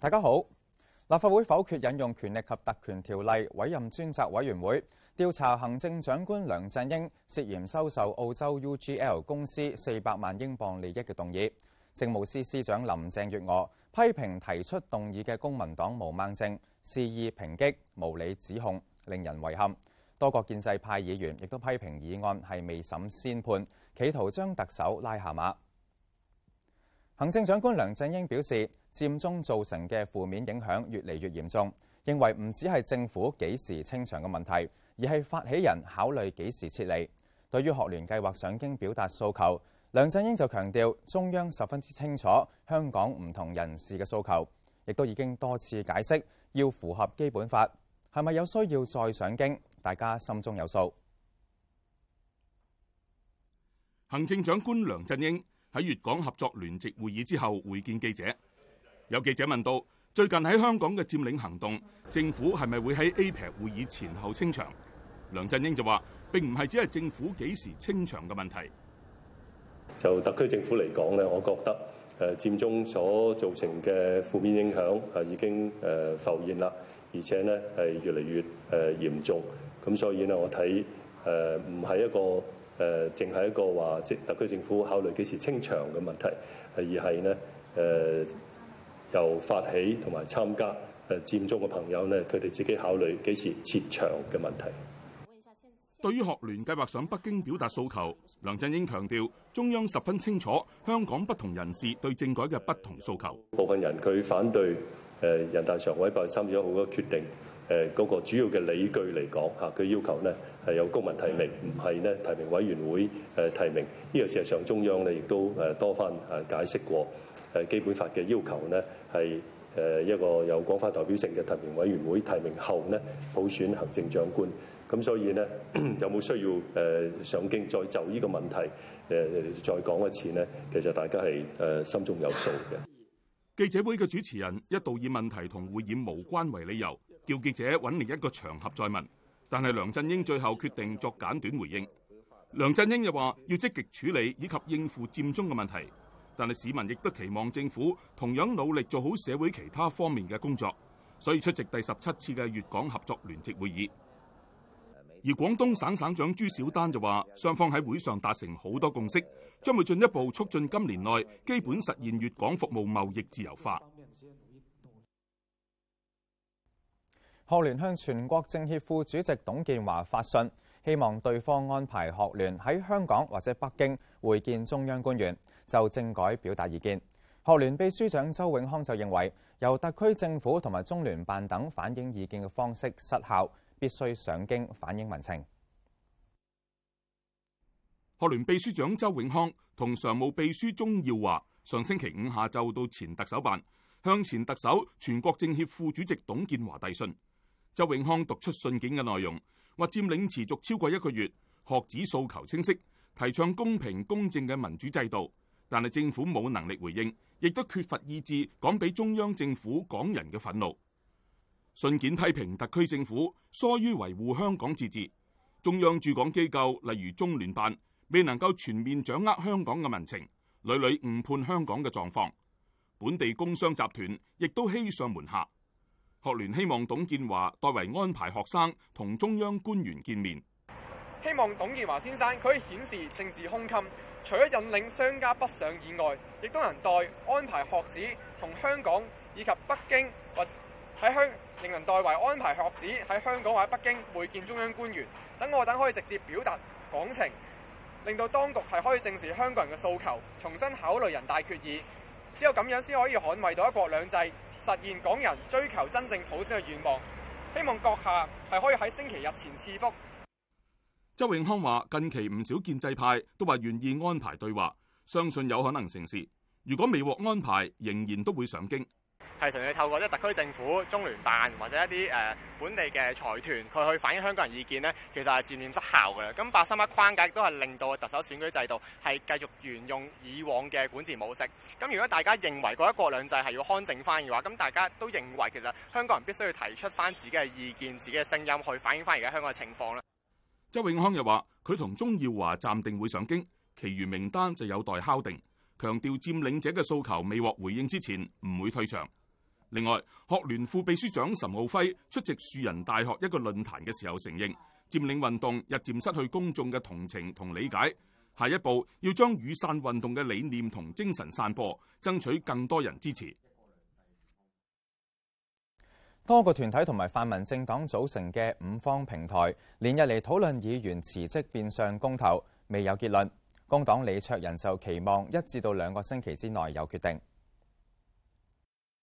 大家好。立法會否決引用權力及特權條例委任專責委員會調查行政長官梁振英涉嫌收受澳洲 UGL 公司四百萬英鎊利益嘅動議。政務司司長林鄭月娥批評提出動議嘅公民黨毛孟靜肆意抨擊、無理指控，令人遺憾。多個建制派議員亦都批評議案係未審先判，企圖將特首拉下馬。行政長官梁振英表示，佔中造成嘅負面影響越嚟越嚴重，認為唔止係政府幾時清場嘅問題，而係發起人考慮幾時撤離。對於學聯計劃上京表達訴求，梁振英就強調中央十分之清楚香港唔同人士嘅訴求，亦都已經多次解釋要符合基本法，係咪有需要再上京，大家心中有數。行政長官梁振英喺粵港合作聯席會議之後會見記者。有記者問到最近喺香港嘅佔領行動，政府係咪會喺 APEC 會議前後清場？梁振英就話：並唔係只係政府幾時清場嘅問題。就特區政府嚟講咧，我覺得誒佔中所造成嘅負面影響係已經誒浮現啦，而且咧係越嚟越誒嚴重。咁所以呢，我睇誒唔係一個誒，淨係一個話即特區政府考慮幾時清場嘅問題，而係呢。誒。又發起同埋參加誒佔中嘅朋友呢，佢哋自己考慮幾時撤場嘅問題。對於學聯計劃上北京表達訴求，梁振英強調中央十分清楚香港不同人士對政改嘅不同訴求。部分人佢反對誒人大常委八月三十一號嘅決定。誒嗰個主要嘅理據嚟講嚇，佢要求呢係有公民提名，唔係呢提名委員會誒、呃、提名。呢、這個事實上中央呢亦都誒多番誒解釋過誒、呃、基本法嘅要求呢係誒、呃、一個有廣泛代表性嘅提名委員會提名後呢普選行政長官。咁所以呢， 有冇需要誒、呃、上京再就呢個問題誒、呃、再講一次呢？其實大家係誒、呃、心中有數嘅。記者會嘅主持人一度以問題同會議無關為理由。要記者揾另一個場合再問，但係梁振英最後決定作簡短回應。梁振英又話要積極處理以及應付佔中嘅問題，但係市民亦都期望政府同樣努力做好社會其他方面嘅工作，所以出席第十七次嘅粵港合作聯席會議。而廣東省省長朱小丹就話，雙方喺會上達成好多共識，將會進一步促進今年內基本實現粵港服務貿易自由化。學聯向全國政協副主席董建華發信，希望對方安排學聯喺香港或者北京會見中央官員，就政改表達意見。學聯秘書長周永康就認為，由特區政府同埋中聯辦等反映意見嘅方式失效，必須上京反映民情。學聯秘書長周永康同常務秘書鍾耀華上星期五下晝到前特首辦，向前特首、全國政協副主席董建華遞信。周永康讀出信件嘅內容，話佔領持續超過一個月，學子訴求清晰，提倡公平公正嘅民主制度，但係政府冇能力回應，亦都缺乏意志講俾中央政府、港人嘅憤怒。信件批評特區政府疏於維護香港自治，中央駐港機構例如中聯辦未能夠全面掌握香港嘅民情，屢屢誤判香港嘅狀況，本地工商集團亦都欺上瞞下。學聯希望董建華代為安排學生同中央官員見面，希望董建華先生佢可以顯示政治胸襟，除咗引領商家不上以外，亦都能代安排學子同香港以及北京或喺香令人代為安排學子喺香港或者北京會見中央官員，等我等可以直接表達講情，令到當局係可以正視香港人嘅訴求，重新考慮人大決議，只有咁樣先可以捍衛到一國兩制。實現港人追求真正普選嘅願望，希望閣下係可以喺星期日前賜覆。周永康話：近期唔少建制派都話願意安排對話，相信有可能成事。如果未獲安排，仍然都會上京。係純粹透過即係特區政府、中聯辦或者一啲誒、呃、本地嘅財團，佢去反映香港人意見呢？其實係漸漸失效嘅。咁八三一框架亦都係令到特首選舉制度係繼續沿用以往嘅管治模式。咁如果大家認為嗰一國兩制係要匡正翻嘅話，咁大家都認為其實香港人必須要提出翻自己嘅意見、自己嘅聲音去反映翻而家香港嘅情況啦。周永康又話：佢同鍾耀華暫定會上京，其餘名單就有待敲定。強調佔領者嘅訴求未獲回應之前，唔會退場。另外，學聯副秘書長岑敖暉出席樹仁大學一個論壇嘅時候，承認佔領運動日漸失去公眾嘅同情同理解，下一步要將雨傘運動嘅理念同精神散播，爭取更多人支持。多個團體同埋泛民政黨組成嘅五方平台，連日嚟討論議員辭職變相公投，未有結論。工黨李卓人就期望一至到兩個星期之內有決定。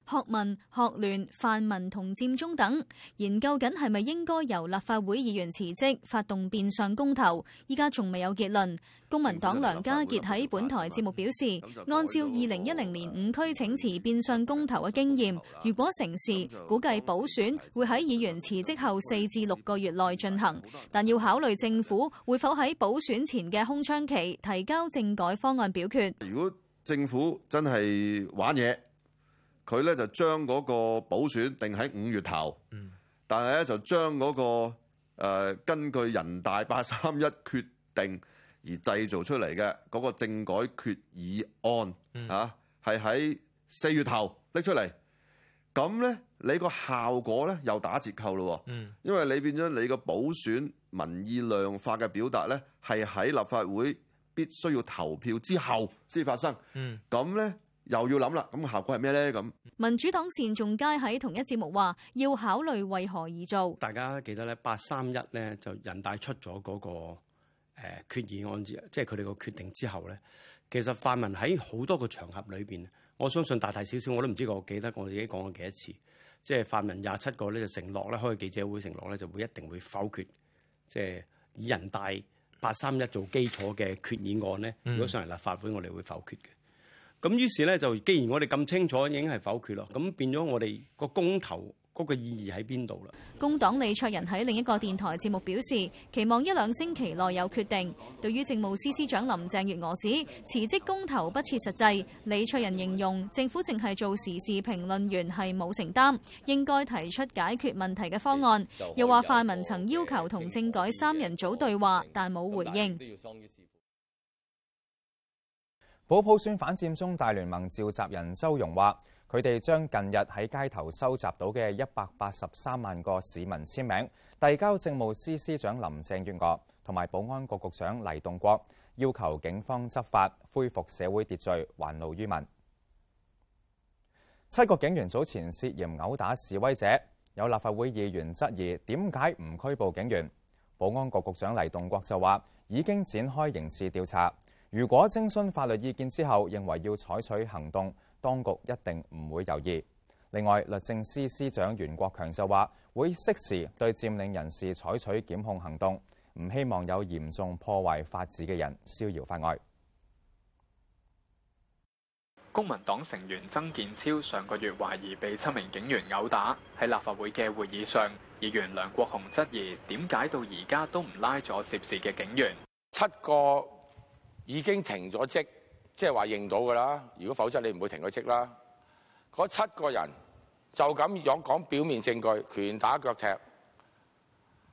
學民學聯泛民同佔中等研究緊係咪應該由立法會議員辭職發動變相公投？依家仲未有結論。公民黨梁家傑喺本台節目表示，按照二零一零年五區請辭變相公投嘅經驗，如果成事，估計補選會喺議員辭職後四至六個月內進行，但要考慮政府會否喺補選前嘅空窗期提交政改方案表決。如果政府真係玩嘢。佢咧就將嗰個補選定喺五月頭，嗯、但係咧就將嗰、嗰個、呃、根據人大八三一決定而製造出嚟嘅嗰個政改決議案嚇，係喺四月頭拎出嚟。咁咧，你個效果咧又打折扣咯。嗯、因為你變咗你個補選民意量化嘅表達咧，係喺立法會必須要投票之後先發生。咁咧、嗯。又要諗啦，咁效果係咩咧？咁民主黨前仲佳喺同一節目話，要考慮為何而做。大家記得咧，八三一咧就人大出咗嗰個誒決議案，即係佢哋個決定之後咧，其實泛民喺好多個場合裏邊，我相信大大少少我都唔知我記得我自己講過幾多次，即係泛民廿七個咧就承諾咧開記者會承諾咧就會一定會否決，即係以人大八三一做基礎嘅決議案咧，如果上嚟立法會，我哋會否決嘅。咁於是呢，就既然我哋咁清楚已經係否決咯。咁變咗我哋個公投嗰、那個意義喺邊度啦？工黨李卓人喺另一個電台節目表示，期望一兩星期內有決定。對於政務司司長林鄭月娥指辭職公投不切實際，李卓人形容政府淨係做時事評論員係冇承擔，應該提出解決問題嘅方案。又話泛民曾要求同政改三人組對話，但冇回應。保普選反佔中大聯盟召集人周融話：佢哋將近日喺街頭收集到嘅一百八十三萬個市民簽名遞交政務司司長林鄭月娥同埋保安局局長黎棟國，要求警方執法恢復社會秩序，還路於民。七個警員早前涉嫌毆打示威者，有立法會議員質疑點解唔拘捕警員？保安局局長黎棟國就話已經展開刑事調查。如果徵詢法律意見之後認為要採取行動，當局一定唔會猶豫。另外，律政司司長袁國強就話會適時對佔領人士採取檢控行動，唔希望有嚴重破壞法治嘅人逍遙法外。公民黨成員曾健超上個月懷疑被七名警員毆打，喺立法會嘅會議上，議員梁國雄質疑點解到而家都唔拉咗涉事嘅警員。七個。已經停咗職，即係話認到㗎啦。如果否則你唔會停咗職啦。嗰七個人就咁樣講表面證據，拳打腳踢，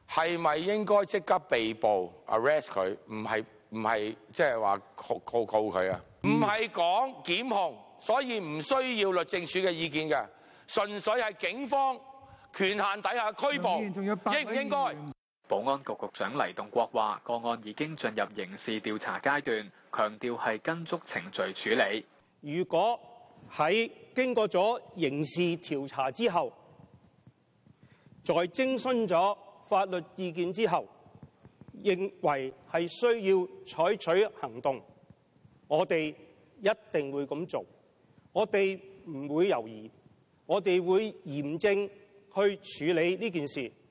係咪應該即刻被捕 Arrest 佢？唔係唔係即係話告告佢啊？唔係講檢控，所以唔需要律政署嘅意見嘅，純粹係警方權限底下拘捕，應唔應該？保安局局長黎棟國話個案已經進入刑事調查階段，強調係跟足程序處理。如果喺經過咗刑事調查之後，在徵詢咗法律意見之後，認為係需要採取行動，我哋一定會咁做，我哋唔會猶豫，我哋會嚴正去處理呢件事。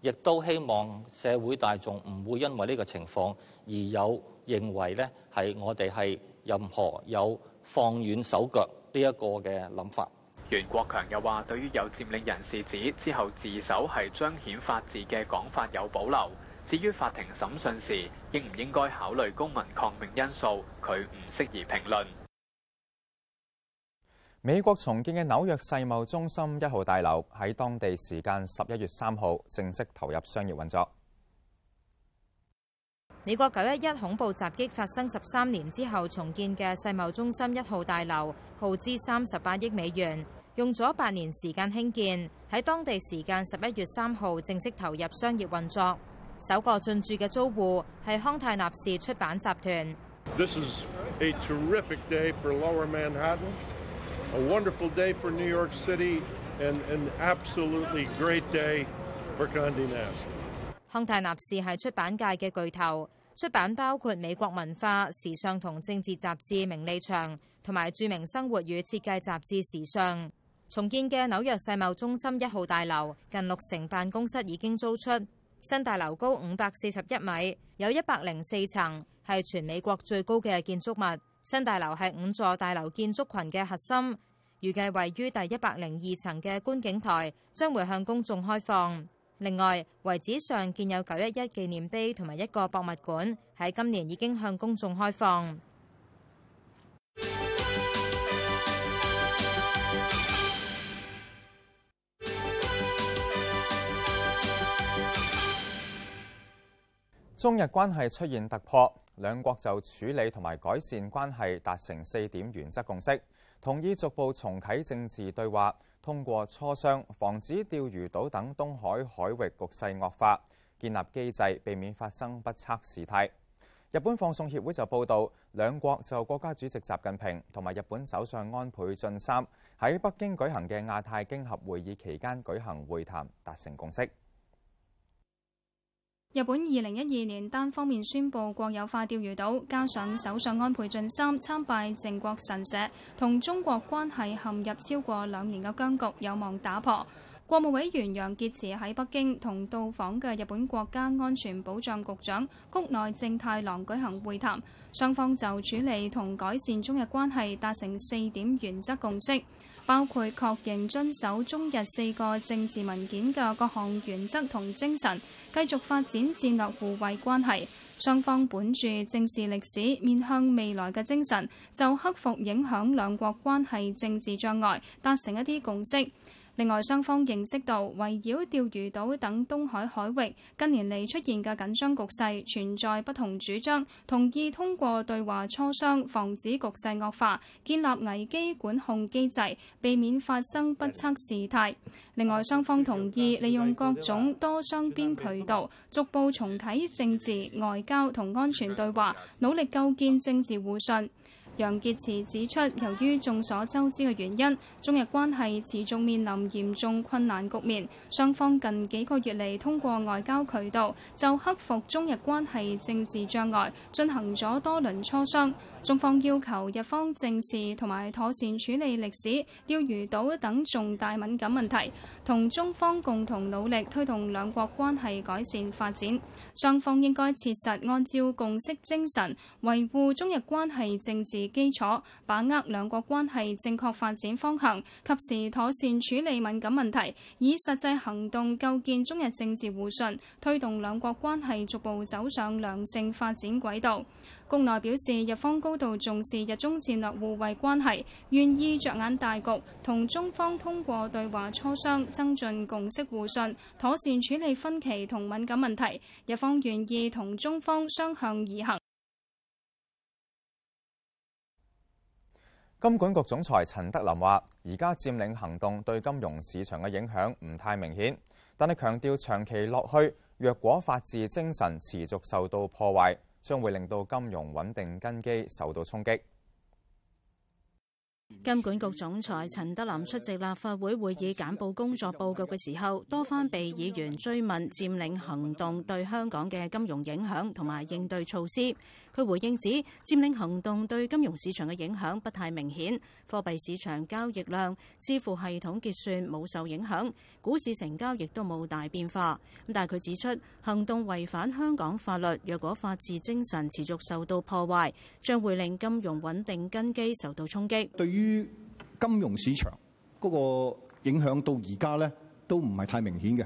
亦都希望社會大眾唔會因為呢個情況而有認為呢係我哋係任何有放軟手腳呢一個嘅諗法。袁國強又話，對於有佔領人士指之後自首係彰顯法治嘅講法有保留。至於法庭審訊時應唔應該考慮公民抗命因素，佢唔適宜評論。美國重建嘅紐約世貿中心一號大樓喺當地時間十一月三號正式投入商業運作。美國九一一恐怖襲擊發生十三年之後，重建嘅世貿中心一號大樓耗資三十八億美元，用咗八年時間興建，喺當地時間十一月三號正式投入商業運作。首個進駐嘅租戶係康泰納仕出版集團。A wonderful day for New York City, and an absolutely great day for Condé Nast. 康泰納仕係出版界嘅巨頭，出版包括美國文化、時尚同政治雜誌《名利場》，同埋著名生活與設計雜誌《時尚》。重建嘅紐約世貿中心一號大樓，近六成辦公室已經租出，新大樓高五百四十一米，有一百零四層，係全美國最高嘅建築物。新大樓係五座大樓建築群嘅核心，預計位於第一百零二層嘅觀景台將會向公眾開放。另外，遺址上建有九一一紀念碑同埋一個博物館，喺今年已經向公眾開放。中日關係出現突破，兩國就處理同埋改善關係達成四點原則共識，同意逐步重啟政治對話，通過磋商防止釣魚島等東海海域局勢惡化，建立機制避免發生不測事態。日本放送協會就報道，兩國就國家主席習近平同埋日本首相安倍晉三喺北京舉行嘅亞太經合會議期間舉行會談，達成共識。日本二零一二年單方面宣布國有化釣魚島，加上首相安倍晉三參拜靖國神社，同中國關係陷入超過兩年嘅僵局，有望打破。國務委員楊潔篪喺北京同到訪嘅日本國家安全保障局長谷內正太郎舉行會談，雙方就處理同改善中日關係達成四點原則共識，包括確認遵守中日四個政治文件嘅各項原則同精神，繼續發展戰略互惠關係，雙方本住正視歷史、面向未來嘅精神，就克服影響兩國關係政治障礙，達成一啲共識。另外，雙方認識到圍繞釣魚島等東海海域近年嚟出現嘅緊張局勢，存在不同主張，同意通過對話磋商防止局勢惡化，建立危機管控機制，避免發生不測事態。另外，雙方同意利用各種多雙邊渠道，逐步重啟政治、外交同安全對話，努力構建政治互信。楊潔篪指出，由於眾所周知嘅原因，中日關係持續面臨嚴重困難局面。雙方近幾個月嚟，通過外交渠道就克服中日關係政治障礙進行咗多輪磋商。中方要求日方正視同埋妥善處理歷史、釣魚島等重大敏感問題，同中方共同努力推動兩國關係改善發展。雙方應該切實按照共識精神，維護中日關係政治基礎，把握兩國關係正確發展方向，及時妥善處理敏感問題，以實際行動構建中日政治互信，推動兩國關係逐步走上良性發展軌道。宮內表示，日方高度重視日中戰略互惠關係，願意着眼大局，同中方通過對話磋商，增進共識互信，妥善處理分歧同敏感問題。日方願意同中方相向而行。金管局總裁陳德霖話，而家佔領行動對金融市場嘅影響唔太明顯，但係強調長期落去，若果法治精神持續受到破壞，將會令到金融穩定根基受到衝擊。金管局總裁陳德霖出席立法會會議簡報工作報告嘅時候，多番被議員追問佔領行動對香港嘅金融影響同埋應對措施。佢回應指，佔領行動對金融市場嘅影響不太明顯，貨幣市場交易量、支付系統結算冇受影響，股市成交亦都冇大變化。咁但係佢指出，行動違反香港法律，若果法治精神持續受到破壞，將會令金融穩定根基受到衝擊。於金融市場嗰個影響到而家咧都唔係太明顯嘅，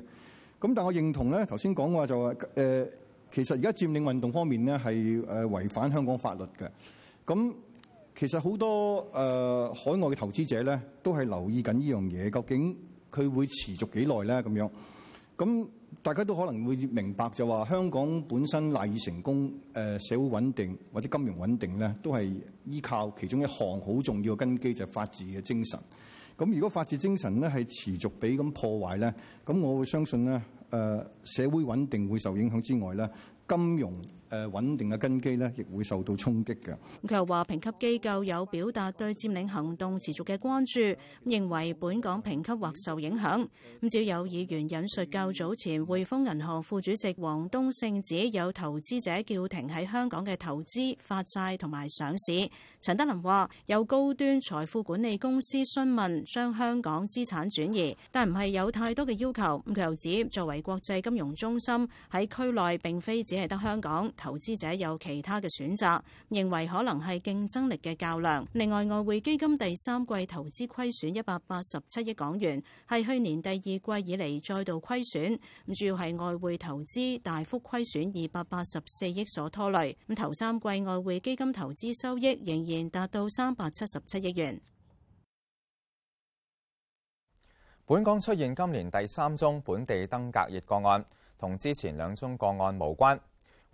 咁但係我認同咧頭先講話就話誒、呃，其實而家佔領運動方面咧係誒違反香港法律嘅，咁其實好多誒、呃、海外嘅投資者咧都係留意緊呢樣嘢，究竟佢會持續幾耐咧咁樣，咁。大家都可能會明白就話香港本身賴以成功、呃，社會穩定或者金融穩定咧，都係依靠其中一項好重要嘅根基就係法治嘅精神。咁如果法治精神咧係持續俾咁破壞咧，咁我會相信咧、呃、社會穩定會受影響之外咧，金融。誒穩定嘅根基咧，亦會受到衝擊嘅。佢又話：評級機構有表達對佔領行動持續嘅關注，認為本港評級或受影響。咁主要有議員引述較早前匯豐銀行副主席王冬勝指，有投資者叫停喺香港嘅投資發債同埋上市。陳德霖話：有高端財富管理公司詢問將香港資產轉移，但唔係有太多嘅要求。咁佢又指，作為國際金融中心喺區內並非只係得香港。投資者有其他嘅選擇，認為可能係競爭力嘅較量。另外，外匯基金第三季投資虧損一百八十七億港元，係去年第二季以嚟再度虧損，咁主要係外匯投資大幅虧損二百八十四億所拖累。咁頭三季外匯基金投資收益仍然達到三百七十七億元。本港出現今年第三宗本地登革熱個案，同之前兩宗個案無關。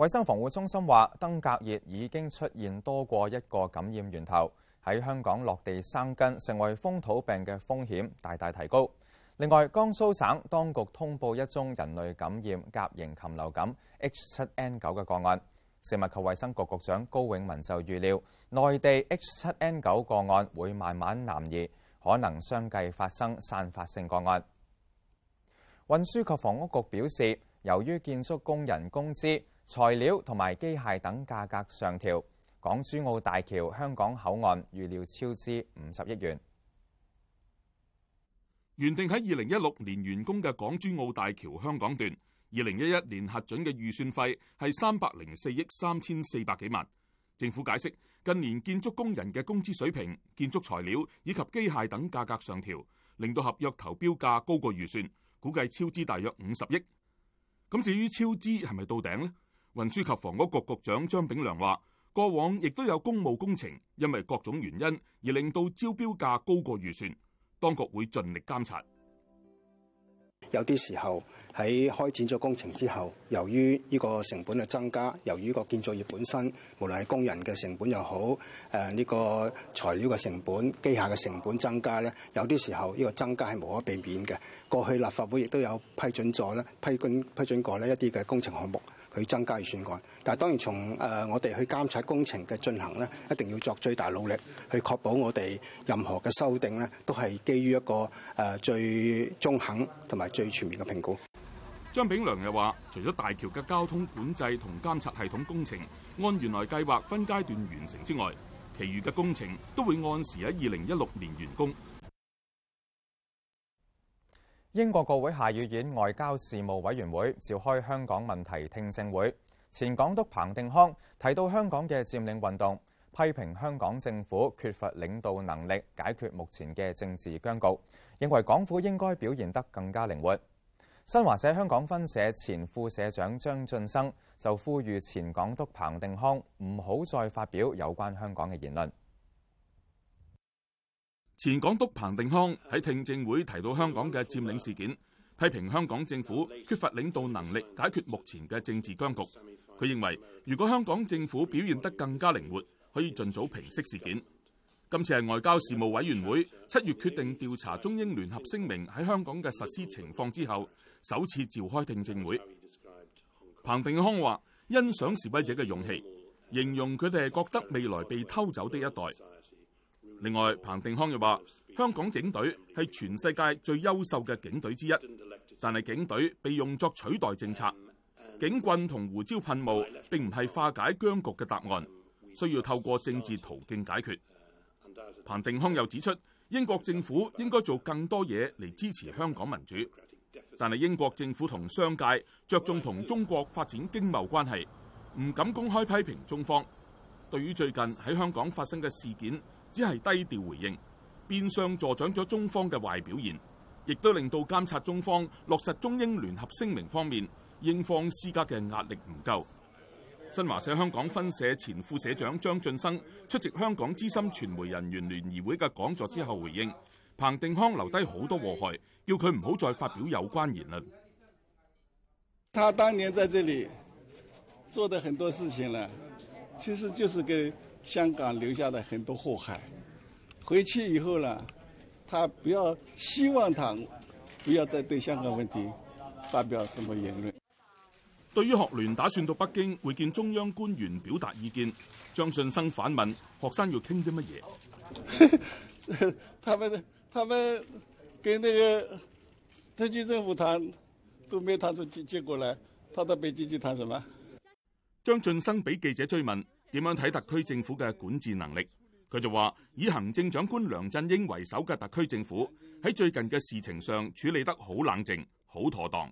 衛生防護中心話，登革熱已經出現多過一個感染源頭喺香港落地生根，成為風土病嘅風險大大提高。另外，江蘇省當局通報一宗人類感染甲型禽流感 H7N9 嘅個案。食物及衛生局局長高永文就預料，內地 H7N9 個案會慢慢南移，可能相繼發生散發性個案。運輸及房屋局表示，由於建築工人工資、材料同埋機械等價格上調，港珠澳大橋香港口岸預料超支五十億元。原定喺二零一六年完工嘅港珠澳大橋香港段，二零一一年核准嘅預算費係三百零四億三千四百幾萬。政府解釋，近年建築工人嘅工資水平、建築材料以及機械等價格上調，令到合約投標價高過預算，估計超支大約五十億。咁至於超支係咪到頂呢？運輸及房屋局局長張炳良話，過往亦都有公務工程，因為各種原因而令到招標價高過預算，當局會盡力監察。有啲時候喺開展咗工程之後，由於呢個成本嘅增加，由於個建造業本身無論係工人嘅成本又好誒，呢個材料嘅成本、機械嘅成本增加咧，有啲時候呢個增加係無可避免嘅。過去立法會亦都有批准咗咧，批准批准過咧一啲嘅工程項目。佢增加預算案，但係當然從誒、呃、我哋去監察工程嘅進行咧，一定要作最大努力去確保我哋任何嘅修訂咧，都係基於一個誒、呃、最中肯同埋最全面嘅評估。張炳良又話，除咗大橋嘅交通管制同監察系統工程按原來計劃分階段完成之外，其餘嘅工程都會按時喺二零一六年完工。英國國會下議院外交事務委員會召開香港問題聽證會，前港督彭定康提到香港嘅佔領運動，批評香港政府缺乏領導能力解決目前嘅政治僵局，認為港府應該表現得更加靈活。新華社香港分社前副社長張浚生就呼籲前港督彭定康唔好再發表有關香港嘅言論。前港督彭定康喺聽證會提到香港嘅佔領事件，批評香港政府缺乏領導能力解決目前嘅政治僵局。佢認為，如果香港政府表現得更加靈活，可以盡早平息事件。今次係外交事務委員會七月決定調查中英聯合聲明喺香港嘅實施情況之後，首次召開聽證會。彭定康話：欣賞示威者嘅勇氣，形容佢哋係覺得未來被偷走的一代。另外，彭定康又話：香港警隊係全世界最優秀嘅警隊之一，但係警隊被用作取代政策，警棍同胡椒噴霧並唔係化解僵局嘅答案，需要透過政治途徑解決。彭定康又指出，英國政府應該做更多嘢嚟支持香港民主，但係英國政府同商界着重同中國發展經貿關係，唔敢公開批評中方。對於最近喺香港發生嘅事件，只係低調回應，變相助長咗中方嘅壞表現，亦都令到監察中方落實中英聯合聲明方面，英方施加嘅壓力唔夠。新華社香港分社前副社長張俊生出席香港資深傳媒人員聯誼會嘅講座之後回應，彭定康留低好多禍害，叫佢唔好再發表有關言論。他當年在這裏做的很多事情了，其實就是給，香港留下的很多禍害，回去以後呢，他不要，希望他不要再對香港問題發表什麼言論。對於學聯打算到北京會見中央官員表達意見，張俊生反問：學生要傾啲乜嘢？耶？ 他們他們跟那個特區政府談都沒談出結結果來，他到北京去談什麼？張俊生俾記者追問。點樣睇特區政府嘅管治能力？佢就話以行政長官梁振英為首嘅特區政府喺最近嘅事情上處理得好冷靜、好妥當。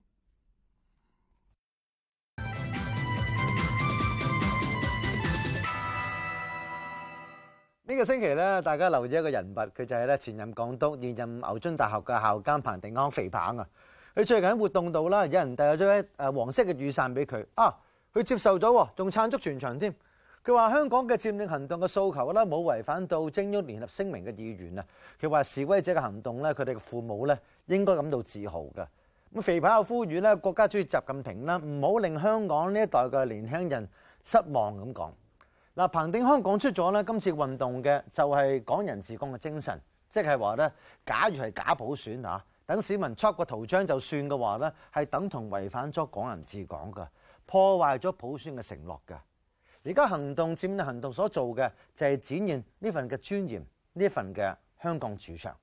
呢個星期咧，大家留意一個人物，佢就係咧前任港督、現任牛津大學嘅校監彭定康肥彭。肥彭啊！佢最近活動度啦，有人遞咗張誒黃色嘅雨傘俾佢啊，佢接受咗，仲撐足全場添。佢話香港嘅佔領行動嘅訴求啦，冇違反到《中英聯合聲明》嘅意願啊！佢話示威者嘅行動咧，佢哋嘅父母咧應該感到自豪嘅。咁肥彭又呼籲咧，國家主席習近平啦，唔好令香港呢一代嘅年輕人失望咁講。嗱，彭定康講出咗呢今次運動嘅就係港人治港嘅精神，即係話咧，假如係假普選啊，等市民出個圖章就算嘅話咧，係等同違反咗港人治港嘅，破壞咗普選嘅承諾嘅。而家行動佔領行動所做嘅就係、是、展現呢份嘅尊嚴，呢份嘅香港主場。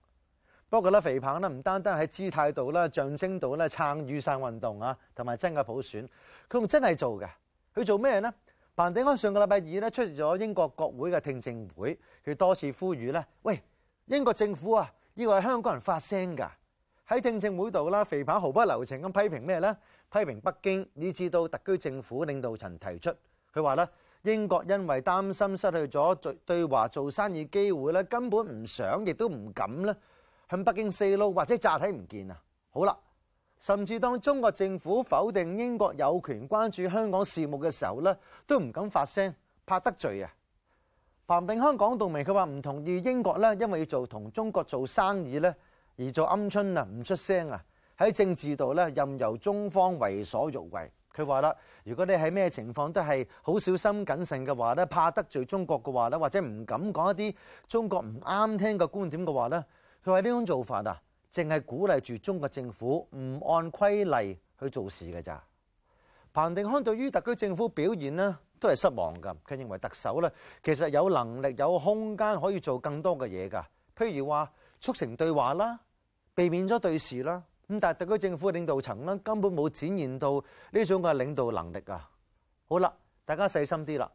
不過咧，肥彭咧唔單單喺姿態度咧、象徵度咧撐雨傘運動啊，同埋真嘅普選，佢仲真係做嘅。佢做咩咧？彭定康上個禮拜二咧出席咗英國國會嘅聽證會，佢多次呼籲咧，喂，英國政府啊，依個係香港人發聲㗎。喺聽證會度啦，肥彭毫不留情咁批評咩咧？批評北京，以至到特區政府領導層提出，佢話咧。英國因為擔心失去咗對華做生意機會咧，根本唔想亦都唔敢咧向北京四路或者詐睇唔見啊！好啦，甚至當中國政府否定英國有權關注香港事務嘅時候咧，都唔敢發聲，怕得罪啊！彭定康講到明，佢話唔同意英國咧，因為要做同中國做生意咧而做鵪鶉啊，唔出聲啊，喺政治度咧任由中方為所欲為。佢話啦，如果你喺咩情況都係好小心謹慎嘅話咧，怕得罪中國嘅話咧，或者唔敢講一啲中國唔啱聽嘅觀點嘅話咧，佢話呢種做法啊，淨係鼓勵住中國政府唔按規例去做事嘅咋。彭定康對於特區政府表現呢，都係失望㗎，佢認為特首咧其實有能力有空間可以做更多嘅嘢㗎，譬如話促成對話啦，避免咗對峙啦。咁但係特區政府領導層呢，根本冇展現到呢種嘅領導能力啊。好啦，大家細心啲啦，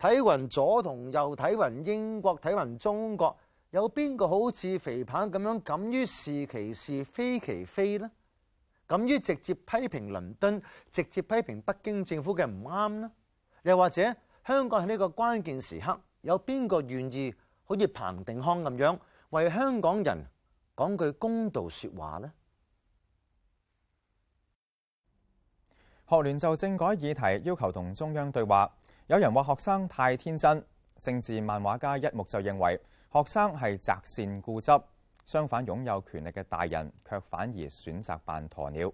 睇匀左同右，睇匀英國，睇匀中國，有邊個好似肥彭咁樣敢於是其是非其非呢？敢於直接批評倫敦，直接批評北京政府嘅唔啱呢？又或者香港喺呢個關鍵時刻，有邊個願意好似彭定康咁樣為香港人講句公道說話呢？學聯就政改議題要求同中央對話，有人話學生太天真。政治漫畫家一目就認為學生係擇善固執，相反擁有權力嘅大人卻反而選擇扮鴕鳥。